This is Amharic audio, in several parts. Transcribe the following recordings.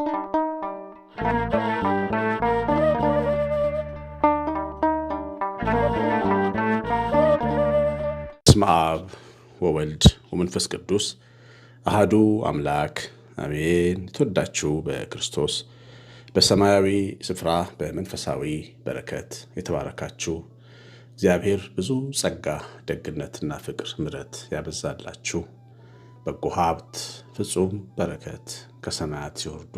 በስመ አብ ወወልድ ወመንፈስ ቅዱስ አህዱ አምላክ አሜን። የተወዳችሁ በክርስቶስ በሰማያዊ ስፍራ በመንፈሳዊ በረከት የተባረካችሁ እግዚአብሔር ብዙ ጸጋ፣ ደግነትና ፍቅር፣ ምረት ያበዛላችሁ በጎ ሀብት፣ ፍጹም በረከት ከሰማያት ሲወርዱ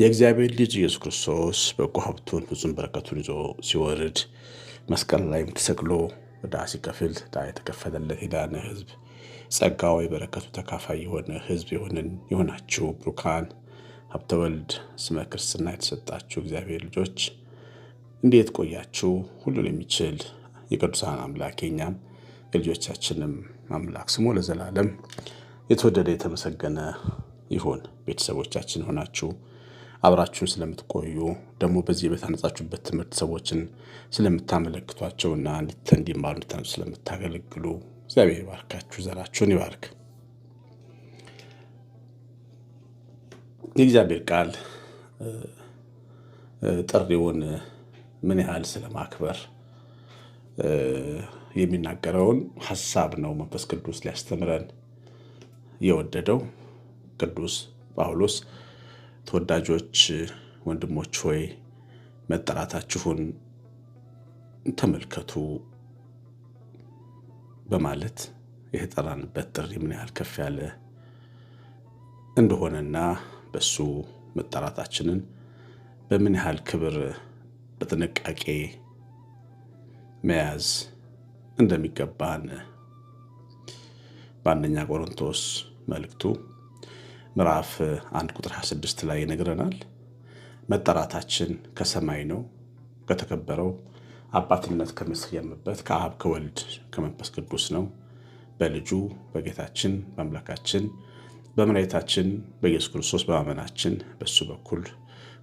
የእግዚአብሔር ልጅ ኢየሱስ ክርስቶስ በጎ ሀብቱን ፍጹም በረከቱን ይዞ ሲወርድ መስቀል ላይም ተሰቅሎ ዕዳ ሲከፍል ዕዳ የተከፈለለት የዳነ ሕዝብ ጸጋው የበረከቱ ተካፋይ የሆነ ሕዝብ የሆንን የሆናችሁ ብሩካን ሀብተወልድ ስመ ክርስትና የተሰጣችሁ እግዚአብሔር ልጆች እንዴት ቆያችሁ? ሁሉን የሚችል የቅዱሳን አምላክ የኛም የልጆቻችንም አምላክ ስሙ ለዘላለም የተወደደ የተመሰገነ ይሁን። ቤተሰቦቻችን ሆናችሁ አብራችሁን ስለምትቆዩ ደግሞ በዚህ በታነጻችሁበት ትምህርት ሰዎችን ስለምታመለክቷቸውና እንዲማሩ እንዲታነጹ ስለምታገለግሉ እግዚአብሔር ይባርካችሁ፣ ዘራችሁን ይባርክ። የእግዚአብሔር ቃል ጥሪውን ምን ያህል ስለማክበር የሚናገረውን ሀሳብ ነው መንፈስ ቅዱስ ሊያስተምረን የወደደው ቅዱስ ጳውሎስ ተወዳጆች ወንድሞች ሆይ መጠራታችሁን ተመልከቱ በማለት የተጠራንበት ጥሪ ምን ያህል ከፍ ያለ እንደሆነና በሱ መጠራታችንን በምን ያህል ክብር በጥንቃቄ መያዝ እንደሚገባን በአንደኛ ቆሮንቶስ መልእክቱ ምዕራፍ 1 ቁጥር 26 ላይ ይነግረናል። መጠራታችን ከሰማይ ነው ከተከበረው አባትነት ከመሰየምበት ከአብ ከወልድ ከመንፈስ ቅዱስ ነው በልጁ በጌታችን በአምላካችን በመድኃኒታችን በኢየሱስ ክርስቶስ በማመናችን በሱ በኩል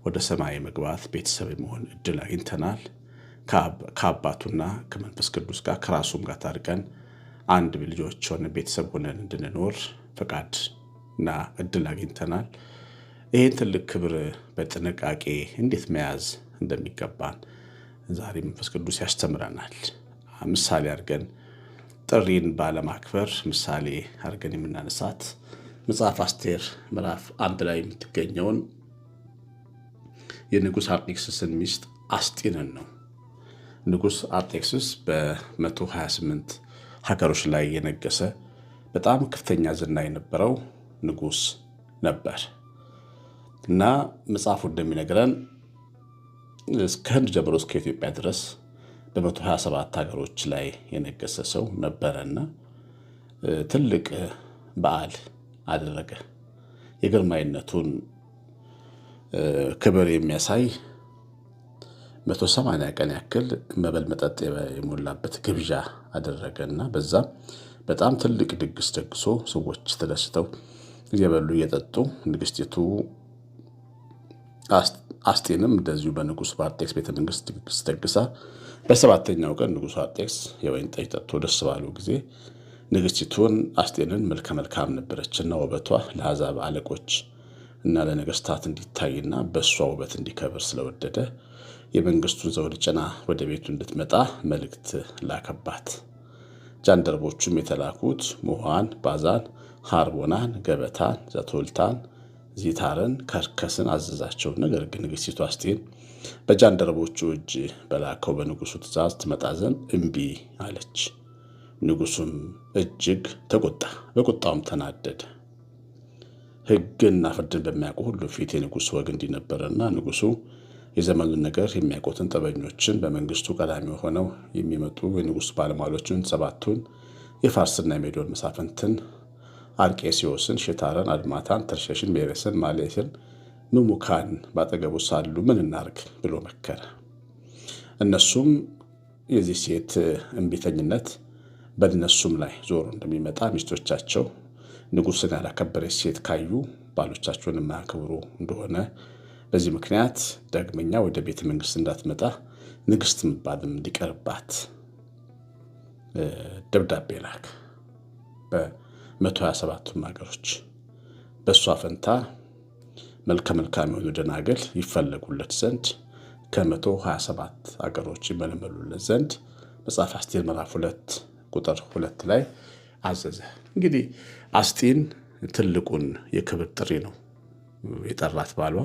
ወደ ሰማይ መግባት ቤተሰብ የመሆን እድል አግኝተናል። ከአባቱና ከመንፈስ ቅዱስ ጋር ከራሱም ጋር ታርቀን አንድ ልጆች ሆነን ቤተሰብ ሆነን እንድንኖር ፈቃድ እና እድል አግኝተናል። ይህን ትልቅ ክብር በጥንቃቄ እንዴት መያዝ እንደሚገባን ዛሬ መንፈስ ቅዱስ ያስተምረናል። ምሳሌ አድርገን ጥሪን ባለማክበር ምሳሌ አድርገን የምናነሳት መጽሐፍ አስቴር ምዕራፍ አንድ ላይ የምትገኘውን የንጉሥ አርጤክስስን ሚስት አስጢንን ነው። ንጉሥ አርጤክስስ በ128 ሀገሮች ላይ የነገሰ በጣም ከፍተኛ ዝና የነበረው ንጉስ ነበር እና መጽሐፉ እንደሚነግረን ከህንድ ጀምሮ እስከ ኢትዮጵያ ድረስ በ127 ሀገሮች ላይ የነገሰ ሰው ነበረና ትልቅ በዓል አደረገ። የግርማዊነቱን ክብር የሚያሳይ 180 ቀን ያክል መበል መጠጥ የሞላበት ግብዣ አደረገ እና በዛም በጣም ትልቅ ድግስ ደግሶ ሰዎች ተደስተው እየበሉ እየጠጡ ንግስቲቱ አስቴንም እንደዚሁ በንጉሱ በአርጤክስ ቤተ መንግስት ድግስ ደግሳ በሰባተኛው ቀን ንጉሱ አርጤክስ የወይን ጠጅ ጠጥቶ ደስ ባለው ጊዜ ንግስቲቱን አስጤንን መልከ መልካም ነበረችና ውበቷ ለአሕዛብ አለቆች እና ለነገስታት እንዲታይና በእሷ ውበት እንዲከብር ስለወደደ የመንግስቱን ዘውድ ጭና ወደ ቤቱ እንድትመጣ መልእክት ላከባት። ጃንደረቦቹም የተላኩት ሙሃን፣ ባዛን፣ ሃርቦናን፣ ገበታን፣ ዘቶልታን፣ ዚታርን፣ ከርከስን አዘዛቸው። ነገር ግን ንግሥቲቱ አስቴር በጃንደረቦቹ እጅ በላከው በንጉሱ ትእዛዝ ትመጣ ዘንድ እምቢ አለች። ንጉሱም እጅግ ተቆጣ፣ በቁጣውም ተናደደ። ሕግና ፍርድን በሚያውቁ ሁሉ ፊት የንጉሱ ወግ እንዲነበረና ንጉሱ የዘመኑን ነገር የሚያውቁትን ጥበኞችን በመንግስቱ ቀዳሚ ሆነው የሚመጡ የንጉሥ ባለሟሎችን ሰባቱን የፋርስና የሜዶን መሳፍንትን አርቄሲዮስን፣ ሽታረን፣ አድማታን፣ ተርሸሽን፣ ሜሬስን፣ ማሌስን፣ ምሙካን ባጠገቡ ሳሉ ምን እናርግ ብሎ መከረ። እነሱም የዚህ ሴት እንቢተኝነት በነሱም ላይ ዞሮ እንደሚመጣ ሚስቶቻቸው ንጉሥን ያላከበረች ሴት ካዩ ባሎቻቸውን የማያከብሩ እንደሆነ በዚህ ምክንያት ዳግመኛ ወደ ቤተ መንግስት እንዳትመጣ ንግስት ምባልም እንዲቀርባት ደብዳቤ ላክ። በ127ቱም ሀገሮች በእሷ ፈንታ መልከ መልካም የሆኑ ደናግል ይፈለጉለት ዘንድ ከ127 ሀገሮች ይመለመሉለት ዘንድ መጽሐፍ አስቴር ምዕራፍ ሁለት ቁጥር ሁለት ላይ አዘዘ። እንግዲህ አስጢን ትልቁን የክብር ጥሪ ነው የጠራት ባሏ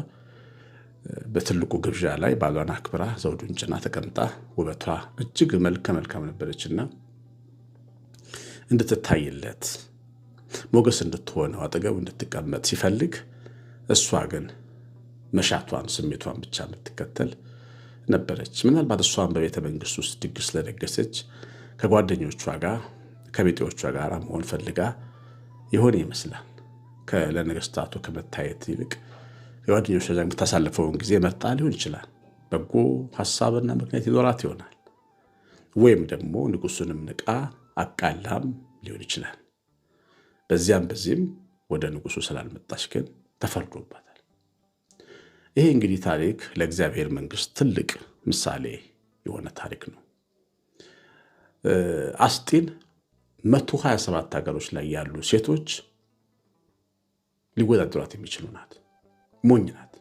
በትልቁ ግብዣ ላይ ባሏን አክብራ ዘውዱን ጭና ተቀምጣ ውበቷ እጅግ መልከ መልካም ነበረችና እንድትታይለት ሞገስ እንድትሆነው አጠገቡ እንድትቀመጥ ሲፈልግ እሷ ግን መሻቷን ስሜቷን ብቻ የምትከተል ነበረች። ምናልባት እሷን በቤተ መንግስት ውስጥ ድግስ ስለደገሰች ከጓደኞቿ ጋር ከቤጤዎቿ ጋር መሆን ፈልጋ የሆነ ይመስላል። ለነገስታቱ ከመታየት ይልቅ ከጓደኞቿ ጋር የምታሳልፈውን ጊዜ መርጣ ሊሆን ይችላል። በጎ ሀሳብና ምክንያት ይኖራት ይሆናል። ወይም ደግሞ ንጉሱንም ንቃ አቃላም ሊሆን ይችላል። በዚያም በዚህም ወደ ንጉሱ ስላልመጣች ግን ተፈርዶባታል። ይሄ እንግዲህ ታሪክ ለእግዚአብሔር መንግስት ትልቅ ምሳሌ የሆነ ታሪክ ነው። አስጢን 127 ሀገሮች ላይ ያሉ ሴቶች ሊወዳደሯት የሚችሉ ናት። ሞኝ ናት፣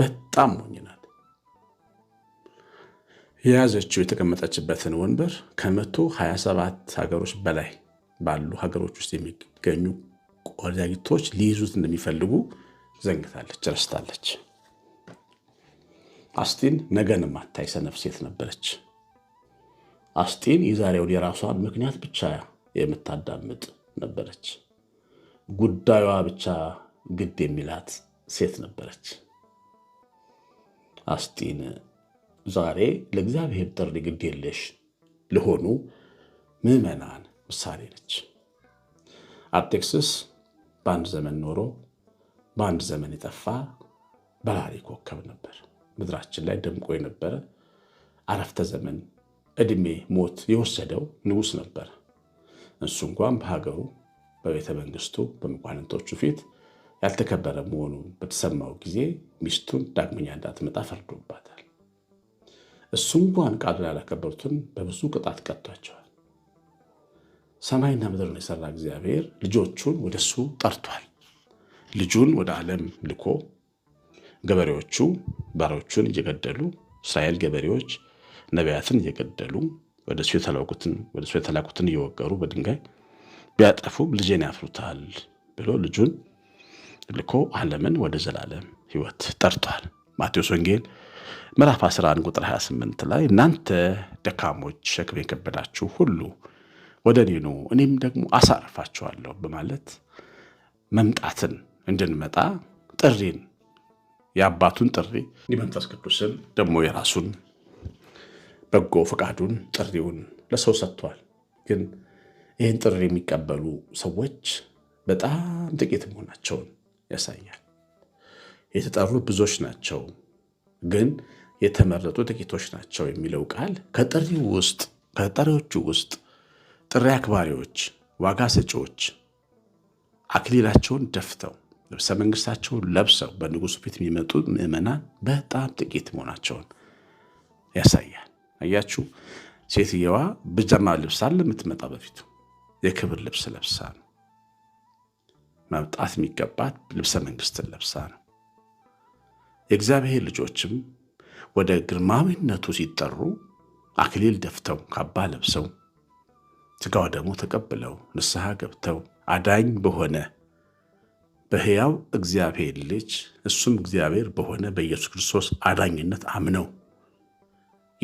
በጣም ሞኝ ናት። የያዘችው የተቀመጠችበትን ወንበር ከመቶ 27 ሀገሮች በላይ ባሉ ሀገሮች ውስጥ የሚገኙ ቆዳጊቶች ሊይዙት እንደሚፈልጉ ዘንግታለች፣ ረስታለች። አስጢን ነገን ማታይ ሰነፍ ሴት ነበረች። አስጢን የዛሬውን የራሷን ምክንያት ብቻ የምታዳምጥ ነበረች። ጉዳዩዋ ብቻ ግድ የሚላት ሴት ነበረች። አስጢን ዛሬ ለእግዚአብሔር ጥሪ ግድ የለሽ ለሆኑ ምዕመናን ምሳሌ ነች። አርጤክስስ በአንድ ዘመን ኖሮ በአንድ ዘመን የጠፋ በራሪ ኮከብ ነበር። ምድራችን ላይ ደምቆ የነበረ አረፍተ ዘመን፣ እድሜ ሞት የወሰደው ንጉስ ነበር። እሱ እንኳን በሀገሩ በቤተ መንግስቱ በመኳንንቶቹ ፊት ያልተከበረ መሆኑ በተሰማው ጊዜ ሚስቱን ዳግመኛ እንዳትመጣ ፈርዶባታል። እሱ እንኳን ቃሉን ያላከበሩትን በብዙ ቅጣት ቀጥቷቸዋል። ሰማይና ምድርን የሰራ እግዚአብሔር ልጆቹን ወደ እሱ ጠርቷል። ልጁን ወደ ዓለም ልኮ ገበሬዎቹ ባሮቹን እየገደሉ እስራኤል ገበሬዎች ነቢያትን እየገደሉ ወደ እሱ የተላኩትን እየወገሩ በድንጋይ ቢያጠፉም ልጄን ያፍሩታል ብሎ ልጁን ልኮ ዓለምን ወደ ዘላለም ህይወት ጠርቷል። ማቴዎስ ወንጌል ምዕራፍ 11 ቁጥር 28 ላይ እናንተ ደካሞች፣ ሸክም የከበዳችሁ ሁሉ ወደ እኔ ኑ እኔም ደግሞ አሳርፋችኋለሁ በማለት መምጣትን እንድንመጣ ጥሪን የአባቱን ጥሪ የመንፈስ ቅዱስን ደግሞ የራሱን በጎ ፈቃዱን ጥሪውን ለሰው ሰጥቷል። ግን ይህን ጥሪ የሚቀበሉ ሰዎች በጣም ጥቂት መሆናቸውን ያሳያል። የተጠሩ ብዙዎች ናቸው፣ ግን የተመረጡ ጥቂቶች ናቸው የሚለው ቃል ከጥሪው ውስጥ ከጠሪዎቹ ውስጥ ጥሪ አክባሪዎች፣ ዋጋ ሰጪዎች አክሊላቸውን ደፍተው ልብሰ መንግስታቸውን ለብሰው በንጉሱ ፊት የሚመጡ ምዕመናን በጣም ጥቂት መሆናቸውን ያሳያል። አያችሁ፣ ሴትየዋ ብጃማ ልብሳን ለምትመጣ በፊቱ የክብር ልብስ ለብሳ ነው። መምጣት የሚገባት ልብሰ መንግስትን ለብሳ ነው። የእግዚአብሔር ልጆችም ወደ ግርማዊነቱ ሲጠሩ አክሊል ደፍተው ካባ ለብሰው ስጋው ደግሞ ተቀብለው ንስሐ ገብተው አዳኝ በሆነ በሕያው እግዚአብሔር ልጅ እሱም እግዚአብሔር በሆነ በኢየሱስ ክርስቶስ አዳኝነት አምነው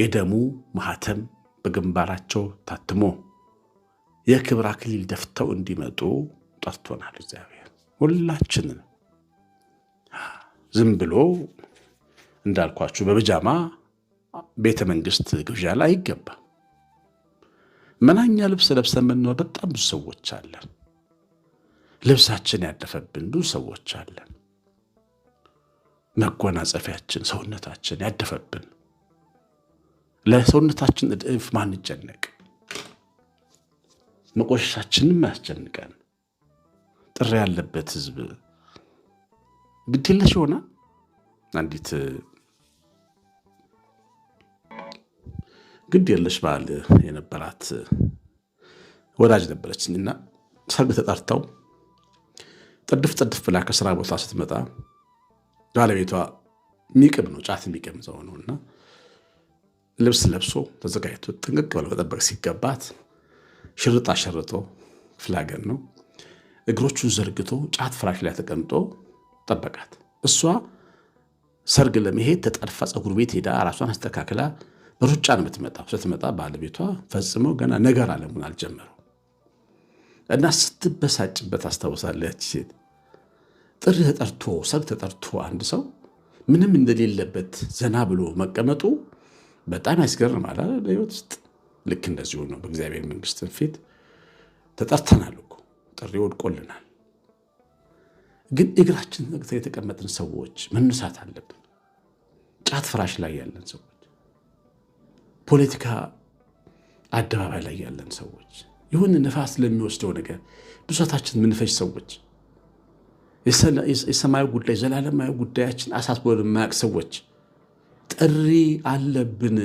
የደሙ ማህተም በግንባራቸው ታትሞ የክብር አክሊል ደፍተው እንዲመጡ ጠርቶናል እግዚአብሔር ሁላችንን። ዝም ብሎ እንዳልኳችሁ በብጃማ ቤተ መንግስት ግብዣ ላይ አይገባም። መናኛ ልብስ ለብሰን የምንኖር በጣም ብዙ ሰዎች አለን። ልብሳችን ያደፈብን ብዙ ሰዎች አለን። መጎናጸፊያችን ሰውነታችን ያደፈብን ለሰውነታችን እድፍ ማንጨነቅ መቆሸሻችንም ያስጨንቀን ጥሪ ያለበት ህዝብ ግትለሽ ሆና አንዲት ግድ የለሽ ባል የነበራት ወዳጅ ነበረችኝ እና ሰርግ ተጠርተው ጥድፍ ጥድፍ ብላ ከስራ ቦታ ስትመጣ ባለቤቷ የሚቅም ነው፣ ጫት የሚቅም ሰው ነው እና ልብስ ለብሶ ተዘጋጅቶ ጥንቅቅ ብለው መጠበቅ ሲገባት ሽርጥ አሸርጦ ፍላገን ነው እግሮቹን ዘርግቶ ጫት ፍራሽ ላይ ተቀምጦ ጠበቃት። እሷ ሰርግ ለመሄድ ተጠልፋ ፀጉር ቤት ሄዳ ራሷን አስተካክላ በሩጫ ነው የምትመጣው። ስትመጣ ባለቤቷ ፈጽመው ገና ነገር አለሙን አልጀመረው እና ስትበሳጭበት አስታውሳለች። ሴት ጥሪ ተጠርቶ ሰርግ ተጠርቶ አንድ ሰው ምንም እንደሌለበት ዘና ብሎ መቀመጡ በጣም አላ በሕይወት ውስጥ ልክ እንደዚሁ ነው። በእግዚአብሔር መንግሥትን ፊት ተጠርተናሉ ጥሪ ወድቆልናል። ግን እግራችን ነግተ የተቀመጥን ሰዎች መነሳት አለብን። ጫት ፍራሽ ላይ ያለን ሰዎች፣ ፖለቲካ አደባባይ ላይ ያለን ሰዎች፣ ይሁን ንፋስ ለሚወስደው ነገር ብሶታችን ምንፈጅ ሰዎች፣ የሰማዩ ጉዳይ ዘላለማዊ ጉዳያችን አሳስቦ የማያውቅ ሰዎች ጥሪ አለብን።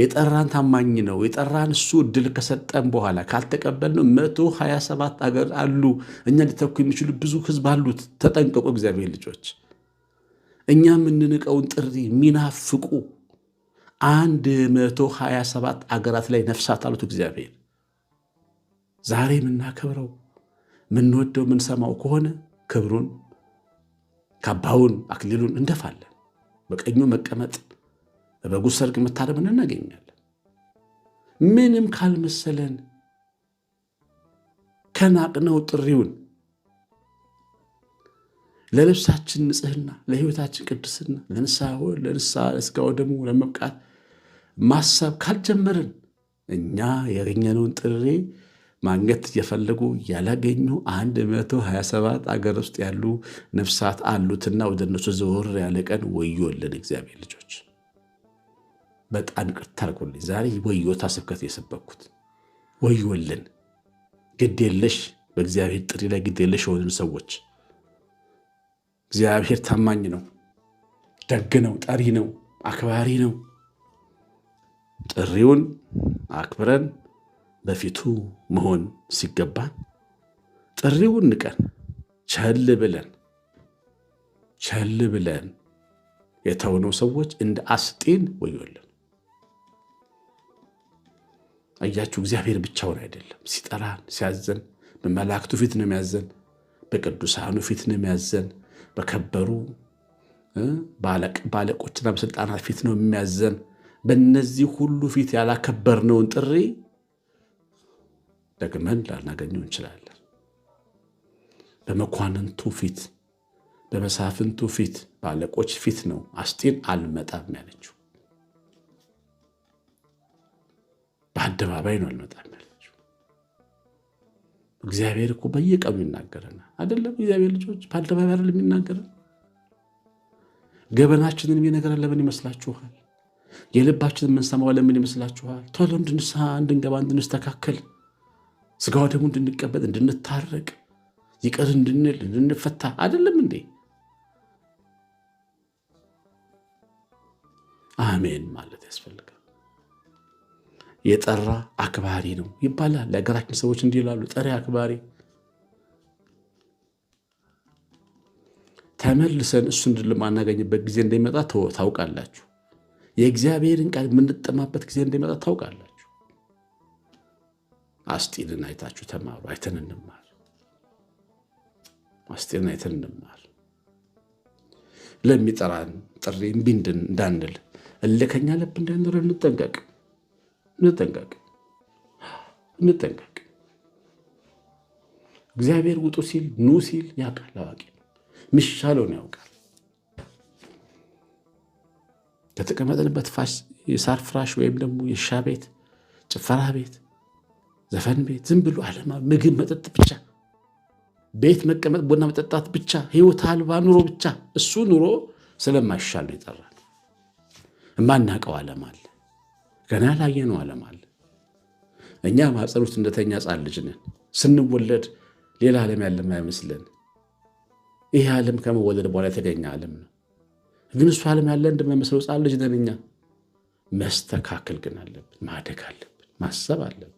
የጠራን ታማኝ ነው። የጠራን እሱ እድል ከሰጠን በኋላ ካልተቀበልነው መቶ ሀያ ሰባት አገር አሉ። እኛ ሊተኩ የሚችሉ ብዙ ህዝብ አሉት። ተጠንቀቁ እግዚአብሔር ልጆች። እኛ የምንንቀውን ጥሪ የሚናፍቁ አንድ መቶ ሀያ ሰባት አገራት ላይ ነፍሳት አሉት እግዚአብሔር። ዛሬ የምናከብረው የምንወደው የምንሰማው ከሆነ ክብሩን ካባውን አክሊሉን እንደፋለን። በቀኙ መቀመጥ በበጉ ሰርግ መታረምን እናገኛለን። ምንም ካልመሰለን ከናቅነው ጥሪውን ለልብሳችን ንጽህና ለህይወታችን ቅድስና፣ ለንስሐ ለንስሐ ለስጋ ደግሞ ለመብቃት ማሰብ ካልጀመርን እኛ ያገኘነውን ጥሪ ማግኘት እየፈለጉ ያላገኙ አንድ መቶ አገር ውስጥ ያሉ ነፍሳት አሉትና ወደ እነሱ ዘወር ያለ ቀን ወዮልን። እግዚአብሔር ልጆች በጣም ቅርታ አድርጉልኝ። ዛሬ ወዮታ ስብከት የሰበኩት ወዮልን። ግድ የለሽ በእግዚአብሔር ጥሪ ላይ ግድ የለሽ የሆንም ሰዎች እግዚአብሔር ታማኝ ነው፣ ደግ ነው፣ ጠሪ ነው፣ አክባሪ ነው። ጥሪውን አክብረን በፊቱ መሆን ሲገባን ጥሪውን ንቀን ቸል ብለን ቸል ብለን የተውነው ሰዎች እንደ አስጢን ወዮልን። አያችሁ፣ እግዚአብሔር ብቻውን አይደለም። ሲጠራን ሲያዘን፣ በመላእክቱ ፊት ነው የሚያዘን፣ በቅዱሳኑ ፊት ነው የሚያዘን፣ በከበሩ ባለቆችና በስልጣናት ፊት ነው የሚያዘን። በእነዚህ ሁሉ ፊት ያላከበርነውን ጥሪ ደግመን ላናገኘው እንችላለን። በመኳንንቱ ፊት፣ በመሳፍንቱ ፊት፣ ባለቆች ፊት ነው አስጢን አልመጣም ያለችው። በአደባባይ ነው አልመጣም ያለችው። እግዚአብሔር እኮ በየቀኑ ይናገረናል አይደለም? እግዚአብሔር ልጆች በአደባባይ አይደል የሚናገረን? ገበናችንን የሚነገረን ለምን ይመስላችኋል? የልባችንን የምንሰማው ለምን ይመስላችኋል? ቶሎ እንድንስሐ እንድንገባ፣ እንድንስተካከል፣ ስጋው ደግሞ እንድንቀበል፣ እንድንታረቅ፣ ይቅር እንድንል፣ እንድንፈታ አይደለም እንዴ? አሜን ማለት ያስፈልጋል። የጠራ አክባሪ ነው ይባላል። የሀገራችን ሰዎች እንዲህ ይላሉ፣ ጠሪ አክባሪ። ተመልሰን እሱ ማናገኝበት ጊዜ እንደሚመጣ ታውቃላችሁ። የእግዚአብሔርን ቃል የምንጠማበት ጊዜ እንደሚመጣ ታውቃላችሁ። አስጢንን አይታችሁ ተማሩ። አይተን እንማር። አስጢንን አይተን እንማር። ለሚጠራን ጥሪ እምቢ እንዳንል፣ እልከኛ ልብ እንዳይኖረን እንጠንቀቅ። እንጠንቀቅ፣ እንጠንቀቅ። እግዚአብሔር ውጡ ሲል ኑ ሲል ያውቃል፣ አዋቂ ነው፣ የሚሻለውን ያውቃል። ከተቀመጥንበት የሳር ፍራሽ ወይም ደግሞ የሻ ቤት፣ ጭፈራ ቤት፣ ዘፈን ቤት ዝም ብሎ አለማ ምግብ መጠጥ ብቻ ቤት መቀመጥ ቡና መጠጣት ብቻ ህይወት አልባ ኑሮ ብቻ እሱ ኑሮ ስለማይሻል ነው የጠራን። የማናውቀው አለ። ገና ያላየነው ዓለም አለ። እኛ ማኅፀን ውስጥ እንደተኛ ሕፃን ልጅ ነን። ስንወለድ ሌላ ዓለም ያለም አይመስለን። ይህ ዓለም ከመወለድ በኋላ የተገኘ ዓለም ነው። ግን እሱ ዓለም ያለ እንደመመስለው ሕፃን ልጅ ነን እኛ። መስተካከል ግን አለብን። ማደግ አለብን። ማሰብ አለብን።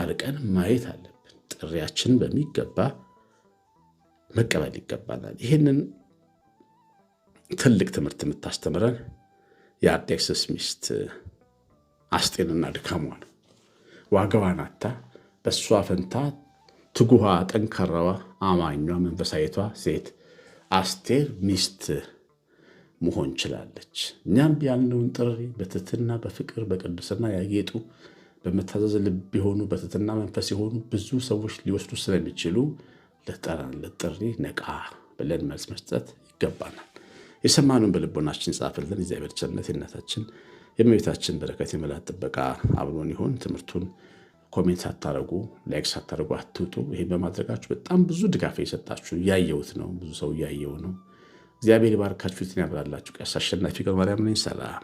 አርቀን ማየት አለብን። ጥሪያችን በሚገባ መቀበል ይገባናል። ይህንን ትልቅ ትምህርት የምታስተምረን የአርጤክስስ ሚስት አስጤንና ድካሟ ነው። ዋጋዋን አታ በእሷ ፈንታ ትጉሃ ጠንካራዋ አማኟ መንፈሳዊቷ ሴት አስቴር ሚስት መሆን ችላለች። እኛም ያልነውን ጥሪ በትትና በፍቅር በቅድስና ያጌጡ በመታዘዝ ልብ የሆኑ በትትና መንፈስ የሆኑ ብዙ ሰዎች ሊወስዱ ስለሚችሉ ለጠራንለት ጥሪ ነቃ ብለን መልስ መስጠት ይገባናል። የሰማኑን በልቦናችን ጻፍልን። እግዚአብሔር ቸርነት የእናታችን የእመቤታችን በረከት የመላት ጥበቃ አብሮን ይሁን። ትምህርቱን ኮሜንት ሳታረጉ ላይክ ሳታረጉ አትውጡ። ይህን በማድረጋችሁ በጣም ብዙ ድጋፍ የሰጣችሁ እያየሁት ነው። ብዙ ሰው እያየው ነው። እግዚአብሔር ይባርካችሁ፣ ትን ያብራላችሁ። ቀሲስ አሸናፊ ገብረማርያም ነኝ። ሰላም